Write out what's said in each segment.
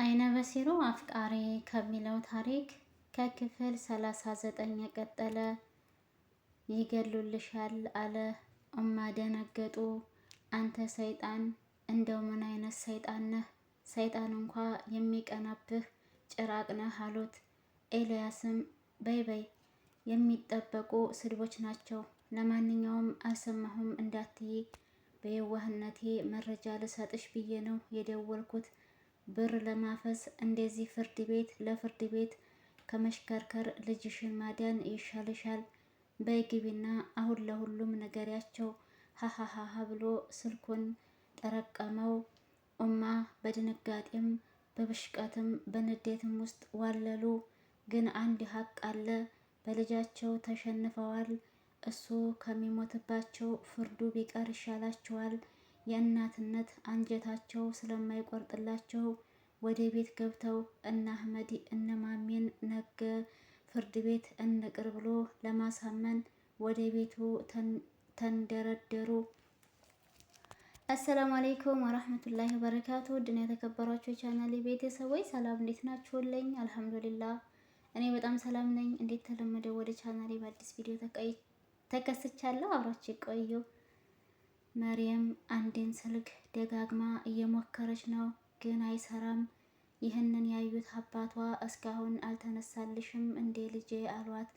አይነ በሲሩ አፍቃሪ ከሚለው ታሪክ ከክፍል 39 የቀጠለ። ይገሉልሻል አለ እማ ደነገጡ። አንተ ሰይጣን፣ እንደው ምን አይነት ሰይጣን ነህ? ሰይጣን እንኳ የሚቀናብህ ጭራቅ ነህ አሉት። ኤልያስም በይ በይ፣ የሚጠበቁ ስድቦች ናቸው። ለማንኛውም አልሰማሁም እንዳትይ በየዋህነቴ መረጃ ልሰጥሽ ብዬ ነው የደወልኩት ብር ለማፈስ እንደዚህ ፍርድ ቤት ለፍርድ ቤት ከመሽከርከር ልጅሽን ማዳን ይሻልሻል። በይግቢና አሁን ለሁሉም ነገሪያቸው ሀሀሀሀ ብሎ ስልኩን ጠረቀመው። ኡማ በድንጋጤም በብሽቀትም በንዴትም ውስጥ ዋለሉ። ግን አንድ ሀቅ አለ፣ በልጃቸው ተሸንፈዋል። እሱ ከሚሞትባቸው ፍርዱ ቢቀር ይሻላቸዋል። የእናትነት አንጀታቸው ስለማይቆርጥላቸው ወደ ቤት ገብተው እነ አህመድ እነ ማሜን ነገ ፍርድ ቤት እንቅር ብሎ ለማሳመን ወደ ቤቱ ተንደረደሩ። አሰላሙ አለይኩም ወራህመቱላሂ ወበረካቱ። ድና የተከበሯቸው ቻናል ቤተሰቦች ሰላም እንዴት ናችሁልኝ? አልሐምዱሊላ እኔ በጣም ሰላም ነኝ። እንዴት ተለመደው ወደ ቻናሌ በአዲስ ቪዲዮ ተከስቻለሁ። አብራችሁ ቆዩ። መሪየም አንድን ስልክ ደጋግማ እየሞከረች ነው፣ ግን አይሰራም። ይህንን ያዩት አባቷ እስካሁን አልተነሳልሽም እንዴ ልጄ አሏት።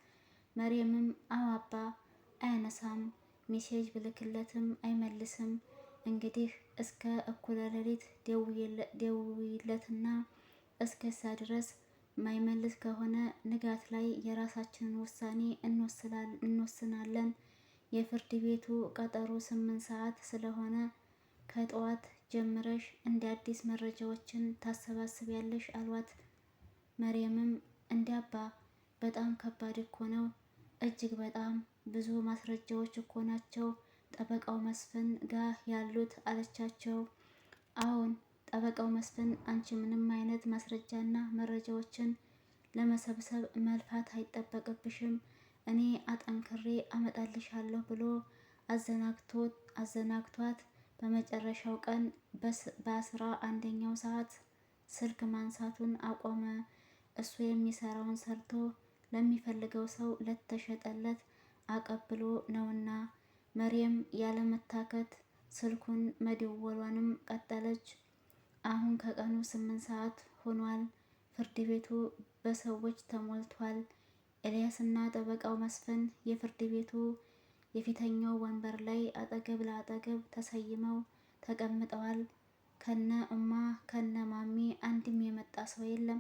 መሪየምም አዎ አባ አያነሳም፣ ሜሴጅ ብልክለትም አይመልስም። እንግዲህ እስከ እኩለ ሌሊት ደውይለትና እስከሳ ድረስ ማይመልስ ከሆነ ንጋት ላይ የራሳችንን ውሳኔ እንወስናለን የፍርድ ቤቱ ቀጠሮ ስምንት ሰዓት ስለሆነ ከጠዋት ጀምረሽ እንደ አዲስ መረጃዎችን ታሰባስቢያለሽ አሏት። መሪየምም እንደ በጣም ከባድ እኮ ነው፣ እጅግ በጣም ብዙ ማስረጃዎች እኮ ናቸው ጠበቃው መስፍን ጋር ያሉት አለቻቸው። አሁን ጠበቃው መስፍን አንቺ ምንም አይነት ማስረጃና መረጃዎችን ለመሰብሰብ መልፋት አይጠበቅብሽም እኔ አጠንክሬ አመጣልሻለሁ ብሎ አዘናግቶት አዘናግቷት በመጨረሻው ቀን በአስራ አንደኛው ሰዓት ስልክ ማንሳቱን አቆመ። እሱ የሚሰራውን ሰርቶ ለሚፈልገው ሰው ለተሸጠለት አቀብሎ ነውና። መሪየም ያለመታከት ስልኩን መደወሏንም ቀጠለች። አሁን ከቀኑ ስምንት ሰዓት ሆኗል። ፍርድ ቤቱ በሰዎች ተሞልቷል። ኤልያስና ጠበቃው መስፍን የፍርድ ቤቱ የፊተኛው ወንበር ላይ አጠገብ ለአጠገብ ተሰይመው ተቀምጠዋል። ከነ እማ ከነ ማሚ አንድም የመጣ ሰው የለም።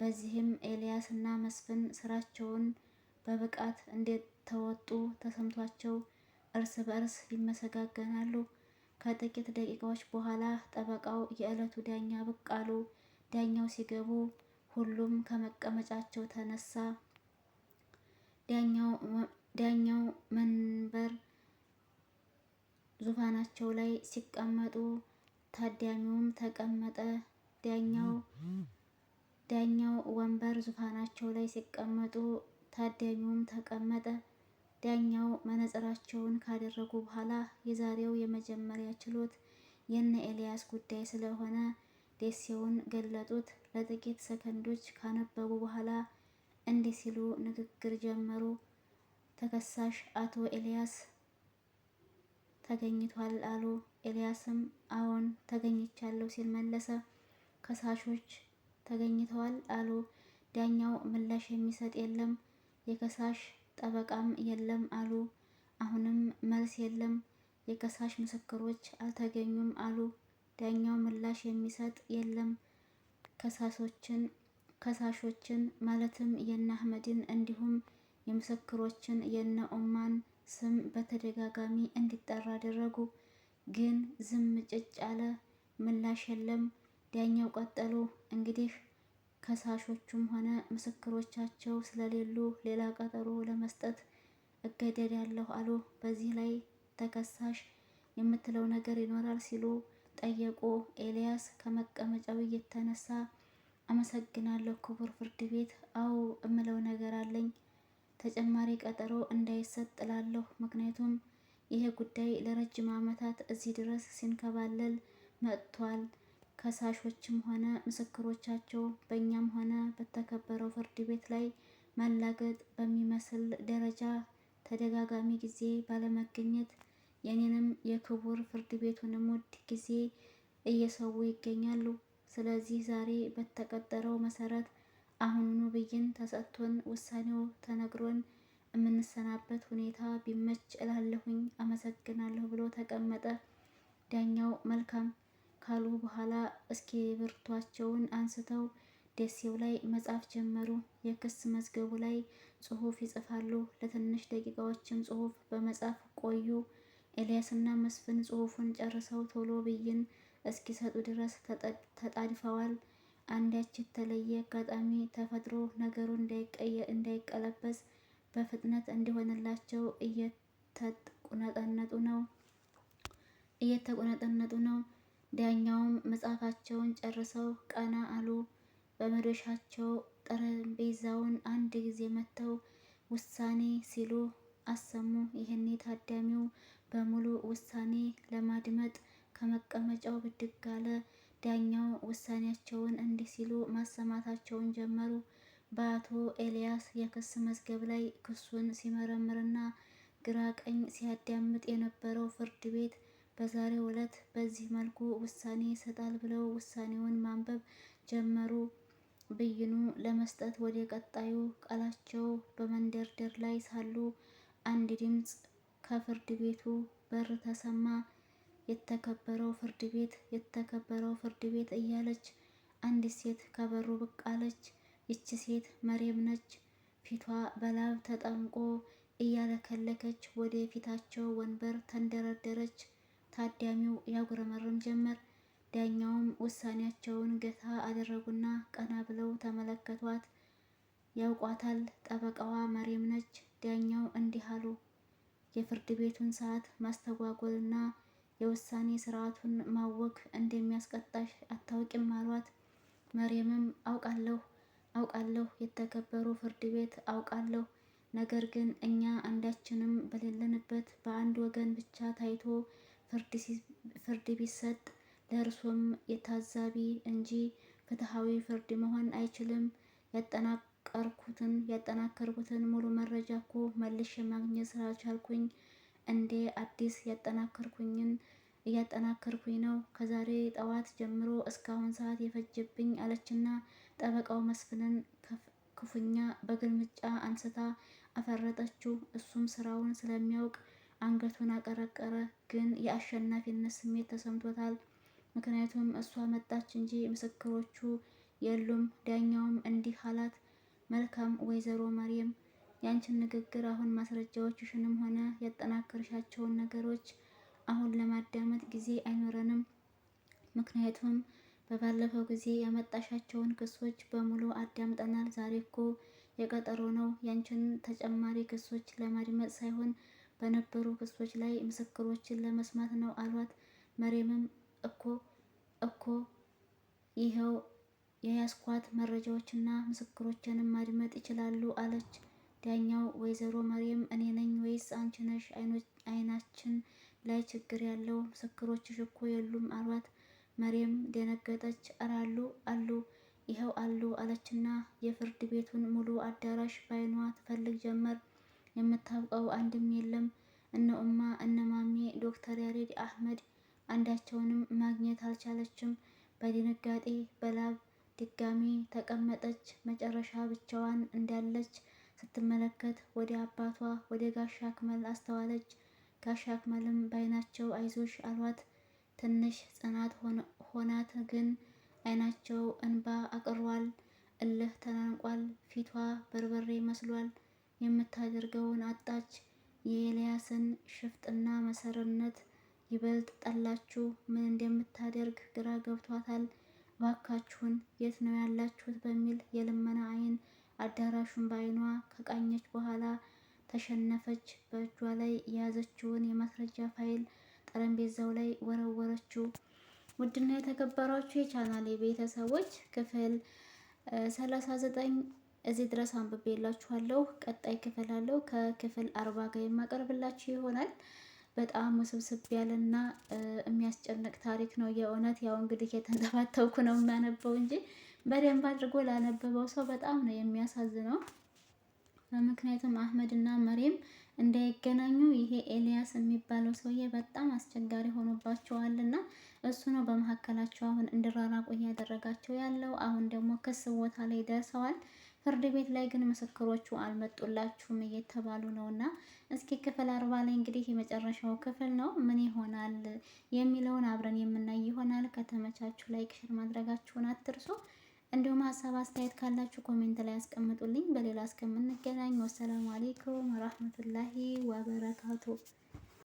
በዚህም እና መስፍን ስራቸውን በብቃት እንዴት ተወጡ ተሰምቷቸው እርስ በእርስ ይመሰጋገናሉ። ከጥቂት ደቂቃዎች በኋላ ጠበቃው የዕለቱ ዳኛ ብቅ አሉ። ዳኛው ሲገቡ ሁሉም ከመቀመጫቸው ተነሳ። ዳኛው መንበር ዙፋናቸው ላይ ሲቀመጡ ታዳሚውም ተቀመጠ። ዳኛው ወንበር ዙፋናቸው ላይ ሲቀመጡ ታዳሚውም ተቀመጠ። ዳኛው መነጽራቸውን ካደረጉ በኋላ የዛሬው የመጀመሪያ ችሎት የነ ኤልያስ ጉዳይ ስለሆነ ደሴውን ገለጡት። ለጥቂት ሰከንዶች ካነበቡ በኋላ እንዲህ ሲሉ ንግግር ጀመሩ። ተከሳሽ አቶ ኤልያስ ተገኝቷል አሉ። ኤልያስም አዎን ተገኝቻለሁ ሲል መለሰ። ከሳሾች ተገኝተዋል አሉ። ዳኛው ምላሽ የሚሰጥ የለም፣ የከሳሽ ጠበቃም የለም አሉ። አሁንም መልስ የለም፣ የከሳሽ ምስክሮች አልተገኙም አሉ። ዳኛው ምላሽ የሚሰጥ የለም፣ ከሳሶችን ከሳሾችን ማለትም የነ አህመድን እንዲሁም የምስክሮችን የነ ኦማን ስም በተደጋጋሚ እንዲጠራ አደረጉ። ግን ዝም ጭጭ አለ፣ ምላሽ የለም። ዳኛው ቀጠሉ። እንግዲህ ከሳሾቹም ሆነ ምስክሮቻቸው ስለሌሉ ሌላ ቀጠሮ ለመስጠት እገደዳለሁ አሉ። በዚህ ላይ ተከሳሽ የምትለው ነገር ይኖራል ሲሉ ጠየቁ። ኤልያስ ከመቀመጫው እየተነሳ አመሰግናለሁ ክቡር ፍርድ ቤት። አዎ እምለው ነገር አለኝ። ተጨማሪ ቀጠሮ እንዳይሰጥ እላለሁ። ምክንያቱም ይሄ ጉዳይ ለረጅም ዓመታት እዚህ ድረስ ሲንከባለል መጥቷል። ከሳሾችም ሆነ ምስክሮቻቸው በእኛም ሆነ በተከበረው ፍርድ ቤት ላይ ማላገጥ በሚመስል ደረጃ ተደጋጋሚ ጊዜ ባለመገኘት የኔንም የክቡር ፍርድ ቤቱንም ውድ ጊዜ እየሰዉ ይገኛሉ። ስለዚህ ዛሬ በተቀጠረው መሰረት አሁኑኑ ብይን ተሰጥቶን ውሳኔው ተነግሮን የምንሰናበት ሁኔታ ቢመች እላለሁኝ። አመሰግናለሁ ብሎ ተቀመጠ። ዳኛው መልካም ካሉ በኋላ እስክሪብቶአቸውን አንስተው ደሴው ላይ መጻፍ ጀመሩ። የክስ መዝገቡ ላይ ጽሑፍ ይጽፋሉ። ለትንሽ ደቂቃዎችም ጽሑፍ በመጻፍ ቆዩ። ኤልያስና መስፍን ጽሑፉን ጨርሰው ቶሎ ብይን እስኪሰጡ ድረስ ተጣድፈዋል። አንዳች የተለየ አጋጣሚ ተፈጥሮ ነገሩ እንዳይቀለበስ በፍጥነት እንዲሆንላቸው እየተቁነጠነጡ ነው እየተቆነጠነጡ ነው። ዳኛውም መጽሐፋቸውን ጨርሰው ቀና አሉ። በመዶሻቸው ጠረጴዛውን አንድ ጊዜ መተው ውሳኔ ሲሉ አሰሙ። ይህኔ ታዳሚው በሙሉ ውሳኔ ለማድመጥ ከመቀመጫው ብድግ አለ። ዳኛው ውሳኔያቸውን እንዲህ ሲሉ ማሰማታቸውን ጀመሩ። በአቶ ኤልያስ የክስ መዝገብ ላይ ክሱን ሲመረምርና ግራ ቀኝ ሲያዳምጥ የነበረው ፍርድ ቤት በዛሬው ዕለት በዚህ መልኩ ውሳኔ ይሰጣል ብለው ውሳኔውን ማንበብ ጀመሩ። ብይኑ ለመስጠት ወደ ቀጣዩ ቃላቸው በመንደርደር ላይ ሳሉ አንድ ድምፅ ከፍርድ ቤቱ በር ተሰማ። የተከበረው ፍርድ ቤት የተከበረው ፍርድ ቤት እያለች አንዲት ሴት ከበሩ ብቅ አለች። ይቺ ሴት መሬም ነች። ፊቷ በላብ ተጠምቆ እያለከለከች ወደ ፊታቸው ወንበር ተንደረደረች። ታዳሚው ያጉረመርም ጀመር። ዳኛውም ውሳኔያቸውን ገታ አደረጉና ቀና ብለው ተመለከቷት። ያውቋታል። ጠበቃዋ መሬም ነች። ዳኛው እንዲህ አሉ። የፍርድ ቤቱን ሰዓት ማስተጓጎልና የውሳኔ ስርዓቱን ማወክ እንደሚያስቀጣሽ አታውቂም አሏት። መሬምም አውቃለሁ አውቃለሁ የተከበሩ ፍርድ ቤት አውቃለሁ። ነገር ግን እኛ አንዳችንም በሌለንበት በአንድ ወገን ብቻ ታይቶ ፍርድ ቢሰጥ ለእርሶም የታዛቢ እንጂ ፍትሐዊ ፍርድ መሆን አይችልም። ያጠናቀርኩትን ያጠናከርኩትን ሙሉ መረጃ እኮ መልሼ ማግኘት ስላልቻልኩኝ እንዴ አዲስ ያጠናከርኩኝን እያጠናከርኩኝ ነው። ከዛሬ ጠዋት ጀምሮ እስካሁን ሰዓት የፈጀብኝ አለችና ጠበቃው መስፍንን ክፉኛ በግልምጫ አንስታ አፈረጠችው። እሱም ስራውን ስለሚያውቅ አንገቱን አቀረቀረ። ግን የአሸናፊነት ስሜት ተሰምቶታል። ምክንያቱም እሷ መጣች እንጂ ምስክሮቹ የሉም። ዳኛውም እንዲህ አላት፣ መልካም ወይዘሮ መሪም። ያንቺን ንግግር አሁን ማስረጃዎችሽንም ሆነ ያጠናከርሻቸውን ነገሮች አሁን ለማዳመጥ ጊዜ አይኖረንም። ምክንያቱም በባለፈው ጊዜ ያመጣሻቸውን ክሶች በሙሉ አዳምጠናል። ዛሬ እኮ የቀጠሮ ነው። ያንቺን ተጨማሪ ክሶች ለማድመጥ ሳይሆን በነበሩ ክሶች ላይ ምስክሮችን ለመስማት ነው አሏት። መሬምም እኮ እኮ ይኸው የያስኳት መረጃዎችና ምስክሮችንም ማድመጥ ይችላሉ አለች። ዳኛው ወይዘሮ መሪም እኔ ነኝ ወይስ አንቺ ነሽ? አይናችን ላይ ችግር ያለው ምስክሮችሽ እኮ የሉም አሏት። መሪም ደነገጠች። ኧረ አሉ ይኸው አሉ አለችና የፍርድ ቤቱን ሙሉ አዳራሽ ባይኗ ትፈልግ ጀመር። የምታውቀው አንድም የለም። እነ እማ እነ ማሜ ዶክተር ያሬድ አህመድ አንዳቸውንም ማግኘት አልቻለችም። በድንጋጤ በላብ ድጋሚ ተቀመጠች። መጨረሻ ብቻዋን እንዳለች ስትመለከት ወደ አባቷ ወደ ጋሻ አክመል አስተዋለች። ጋሻ አክመልም በአይናቸው አይዞሽ አሏት። ትንሽ ጽናት ሆናት፣ ግን አይናቸው እንባ አቅሯል። እልህ ተናንቋል። ፊቷ በርበሬ መስሏል። የምታደርገውን አጣች። የኤልያስን ሽፍጥና መሰረነት ይበልጥ ጠላችሁ። ምን እንደምታደርግ ግራ ገብቷታል። ባካችሁን የት ነው ያላችሁት? በሚል የልመና አይን አዳራሹን በአይኗ ከቃኘች በኋላ ተሸነፈች። በእጇ ላይ የያዘችውን የማስረጃ ፋይል ጠረጴዛው ላይ ወረወረችው። ውድና የተከበራችሁ የቻናል ቤተሰቦች ክፍል 39 እዚህ ድረስ አንብቤላችኋለሁ። ቀጣይ ክፍል አለው ከክፍል አርባ ጋር የማቀርብላችሁ ይሆናል። በጣም ውስብስብ ያለና የሚያስጨንቅ ታሪክ ነው የእውነት ያው እንግዲህ የተንተባተብኩ ነው የማነበው እንጂ በደንብ አድርጎ ላነበበው ሰው በጣም ነው የሚያሳዝነው። ምክንያቱም አህመድ እና መሬም እንዳይገናኙ ይሄ ኤልያስ የሚባለው ሰውዬ በጣም አስቸጋሪ ሆኖባቸዋል እና እሱ ነው በመካከላቸው አሁን እንዲራራቁ እያደረጋቸው ያለው። አሁን ደግሞ ክስ ቦታ ላይ ደርሰዋል። ፍርድ ቤት ላይ ግን ምስክሮቹ አልመጡላችሁም እየተባሉ ነው እና እስኪ ክፍል አርባ ላይ እንግዲህ የመጨረሻው ክፍል ነው ምን ይሆናል የሚለውን አብረን የምናይ ይሆናል። ከተመቻችሁ ላይክ፣ ሸር ማድረጋችሁን አትርሱ። እንዲሁም ሀሳብ አስተያየት ካላችሁ ኮሜንት ላይ አስቀምጡልኝ በሌላ እስከምንገናኝ ወሰላሙ አሌይኩም ወራህመቱላሂ ወበረካቱ።